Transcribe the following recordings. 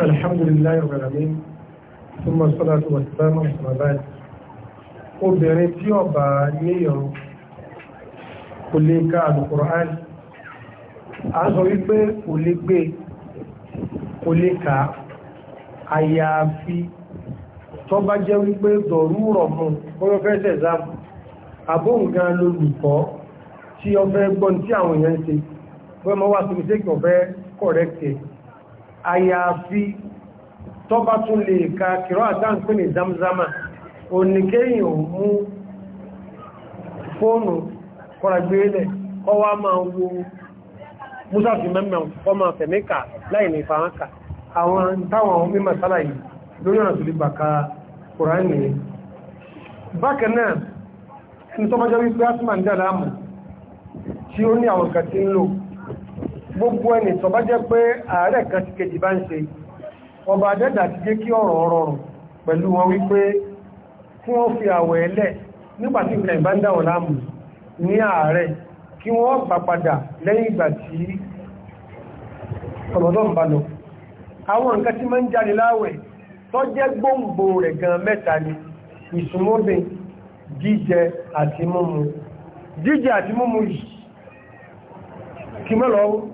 الحمد لله رب العالمين ثم الصلاة والسلام على بعد obìnrin tí ọba níyàn kò lè ka alukur'an a sọ wípé kò lè gbé kò lè ka àyàfi tó bá jẹ́ wípé dọ̀rú rọ̀ mú bọ́yọ́ fẹ́ sẹ̀sám àbóǹgan lolùkọ́ tí ó fẹ́ gbọ́n tí àwọn èèyàn ṣe bọ́yọ́ mọ́ wá sí mi sí kí ó fẹ́ kọ̀rẹ́kẹ̀ẹ́ àyàfi tọ́bá tún lè ka kìrọ àtàǹkú ní zamzama oníkéyìn ò mú fóònù kọ́ragbélẹ̀ kọwa máa wo musafi mẹ́mẹ́ ọmọ fẹ̀mẹ́kà láì ní ìfàánkà àwọn táwọn mímọ̀ sálà yìí lórí ọ̀nà tó lè bàkà kùránì bákanáà ẹni wípé ń mọ̀ tí ó ní àwọn kàtí ń lò gbogbo ẹni tó bá jẹ́ pé ààrẹ kan ti kejì bá ń ṣe ọba adẹ́dà ti jẹ́ kí ọ̀rọ̀ rọrùn pẹ̀lú wọn wípé kí wọ́n fi àwẹ̀ ẹlẹ̀ nígbàtí ìpínlẹ̀ ìbá ń dáwọn láàmù ní ààrẹ kí wọ́n bá padà lẹ́yìn ìsúnmọ́bìn jíjẹ àti mímu jíjẹ àti mímu yìí kí mẹ́lọ́wọ́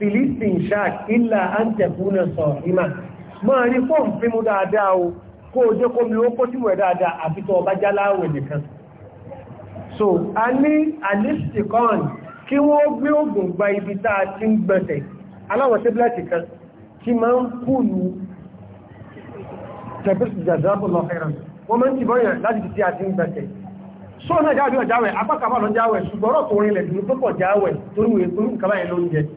filistin shark ilà antẹ̀kúnà sọ̀rìmà máa rí fọ́n fi mú dáadáa o kó o jẹ́ kó mi ó kó tíwẹ̀ dáadáa àfi tó ọba jáláwẹ̀ nìkan so a ní alistikon kí wọ́n gbé ògùn gba ibi tá a ti ń gbẹ̀tẹ̀ aláwọ̀ tẹ́bílẹ̀tì kan kí máa ń kúlù tẹ̀bílẹ̀tì jàzápù apákàbà lọ jáwẹ̀ ṣùgbọ́rọ̀ tó rinlẹ̀ dúró pẹ́pọ̀ jáwẹ̀ torí wèé torí nǹkan báyìí ló ń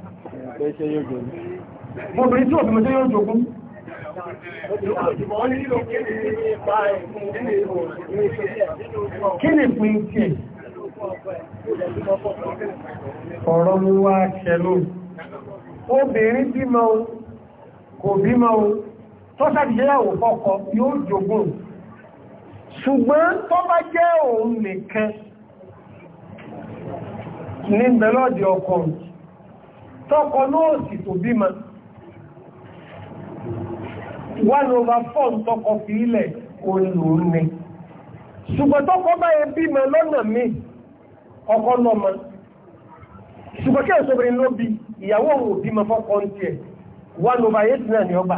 Ẹṣẹ́ yóò jogún. Mo bèèrè tí òfin mọ́ṣẹ́ yóò jogún. Kí ni pín tí? Ọ̀rọ̀ mú wá ṣẹlú. Obìnrin bímọ kò bímọ tó sàdìyàwó fọ́kọ yóò jogún. Ṣùgbọ́n tó bá jẹ́ òun nìkan ní ìbẹ̀lọ́dì ọkùnrin. tọkọ náà sì tó one over four tọ́kọ fi ilẹ̀ olùrún ni ṣùgbọ́n tọ́kọ báyẹ bímọ mi ọkọ lọ́mọ ṣùgbọ́n kí ẹ̀sọ́bìnrin ló bí ìyàwó òun bímọ fọ́kọ ń tiẹ̀ one over eight náà ni ọba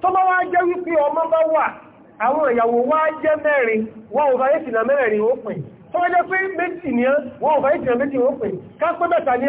tó bá wá jẹ́ wípé ọmọ bá wà àwọn ìyàwó wá jẹ́ mẹ́rin one over eight ni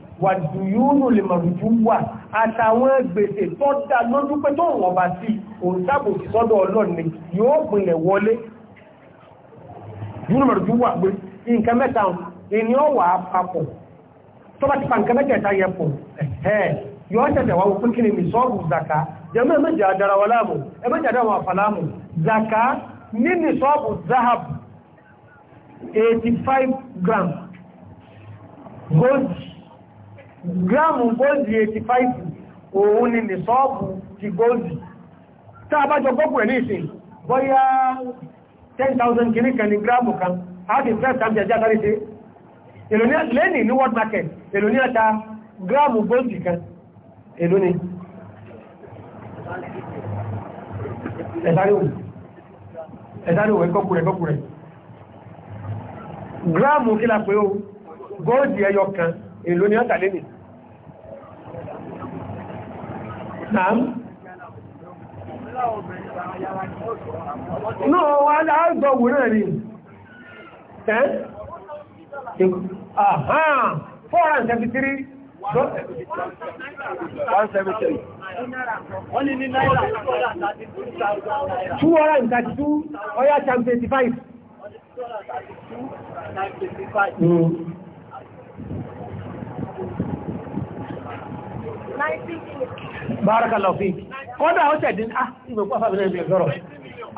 wàdùyúnù lè màrùjú wà àtàwọn gbèsè tó dá lójú pé tó wọ́n bá sí òun sábò sí sọ́dọ̀ ọlọ́ni yóò pinlẹ̀ wọlé yúnù màrùjú wà pé nǹkan mẹ́ta ìní ọ̀wà papọ̀ tó bá ti pa nǹkan mẹ́tẹ̀ẹ̀ta yẹ pọ̀ ẹ̀ẹ́ yóò tẹ̀tẹ̀ wá wọ́pẹ́ kí ni mi sọ́ọ̀bù zaka jẹ́mọ́ ẹ̀mẹ́jà dára wa láàmù ẹ̀mẹ́jà dára wa fàlámù zaka ní ni sọ́ọ̀bù zahab 85 grams gold gíráàmù góòzì 85 òun ni ní sọ́ọ̀bù ti góòzì tá a bá jọ gbọ́kù rẹ̀ ní ìsìn bóyá 10,000 kìíní kan ní gíráàmù kan a ti fẹ́ sàmì àjá àtàrí sí èlò ní lẹ́nì ní world market èlò ní ọta gíráàmù góòzì kan èlò ní ẹ̀dárí òwe gbọ́kù rẹ̀ gbọ́kù rẹ̀ gíráàmù kí la pé ó góòzì ẹyọ kan èlò ni ọ́tà lẹ́nì náà náà wà láàgbọ̀ wùrán rí ẹ́ àhán 473 173 wọ́n ní ní náírà 232 ọya 75 232 Barakallahu fik. Kọ́dá ó tẹ̀dín, ah, ìgbẹ̀kú àfàbìnrin ìbẹ̀ sọ́rọ̀.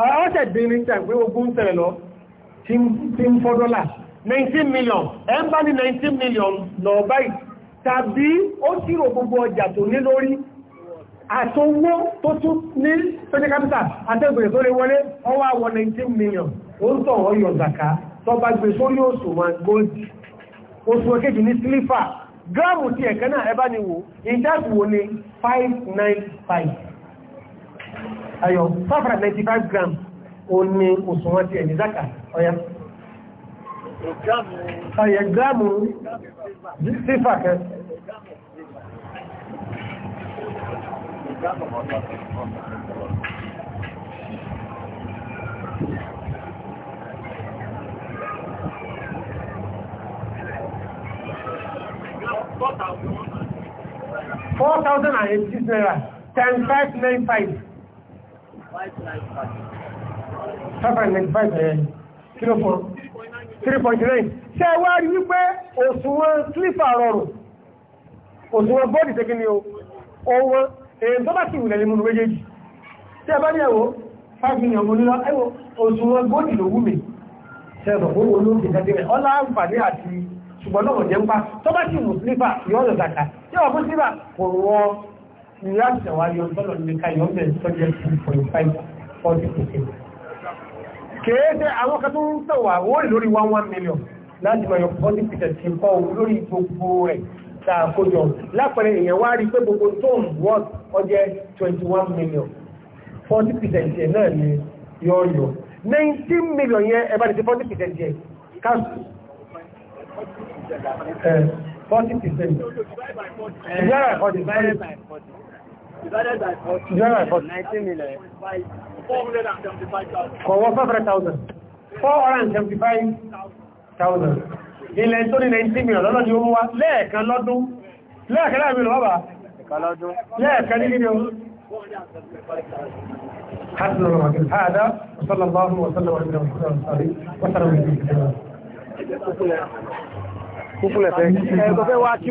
Ah, ó tẹ̀dín ní ìtàn pé ogún tẹ̀rẹ̀ lọ, tí ń fọ́ 19 million, ẹ bá ní 19 million lọ báyìí, tàbí ó tírò gbogbo ọjà tó ní lórí, àtọwó tó tún ní social capital, àtẹ́gbèrè tó lè 19 million, ó ń tọ̀ ọyọ̀ zaka, tọba gbé sórí òṣùwọ̀n gold, òṣùwọ̀n gíráàmù tí ẹ̀kẹ́ náà ẹbá ni wò ìdáàbù wo ni 595 ayọ̀ 595 gram o ní òṣùwọ̀n tí ẹ̀ ní zaka ọya ayẹ̀ gíráàmù sífà kẹ́ 1080 naira times 595. 595 kilo fún 3.9 ṣe wá rí wípé òṣùwọ̀n slipper rọrùn òṣùwọ̀n bọ́ọ̀dì tẹ́kí ni ohun èyàn tó bá sì wùlẹ̀ ní múnú méjèèjì tí a bá ní 5 million mú nílọ ẹ̀wọ́ òṣùwọ̀n bọ́ọ̀dì ló wú mi ṣẹ́rọ̀ owó olóògbé tẹ́kí rẹ̀ ọlá àǹfààní àti ṣùgbọ́n náà jẹ́ ń pa tó bá sì wù slipper tí ọ̀bú síbà kò wọ ìyá ìṣẹ̀wá yọ sọ́lọ̀ ní ká yọ mẹ́rin tó jẹ́ 2.5 40%. kèé tẹ́ àwọn kan tó ń sọ̀wà owó lórí 11 million láti mọ̀ yọ 40% ti kọ́ lórí gbogbo rẹ̀ tààkójọ lápẹẹrẹ èèyàn wá rí pé gbogbo tó ń wọ́ ọjẹ́ 21 million 40% yẹn náà ni 19 million yẹn ẹ̀bá 40% yẹn 40 percent. Divided by 40. Divided by 40. Divided by 40. Divided by 40. 19 million. 475,000. 475,000. 475,000. Ilẹ̀ tó ní 19 million lọ́nà ni ó wá lẹ́ẹ̀kan lọ́dún. Lẹ́ẹ̀kan láàrin lọ bàbá. Lẹ́ẹ̀kan ní gíní o. حسن الله هذا وصلى الله وسلم على نبينا محمد وعلى اله وصحبه وسلم kúkúlẹ̀ fẹ́ ẹ̀kọ́ fẹ́ wá kí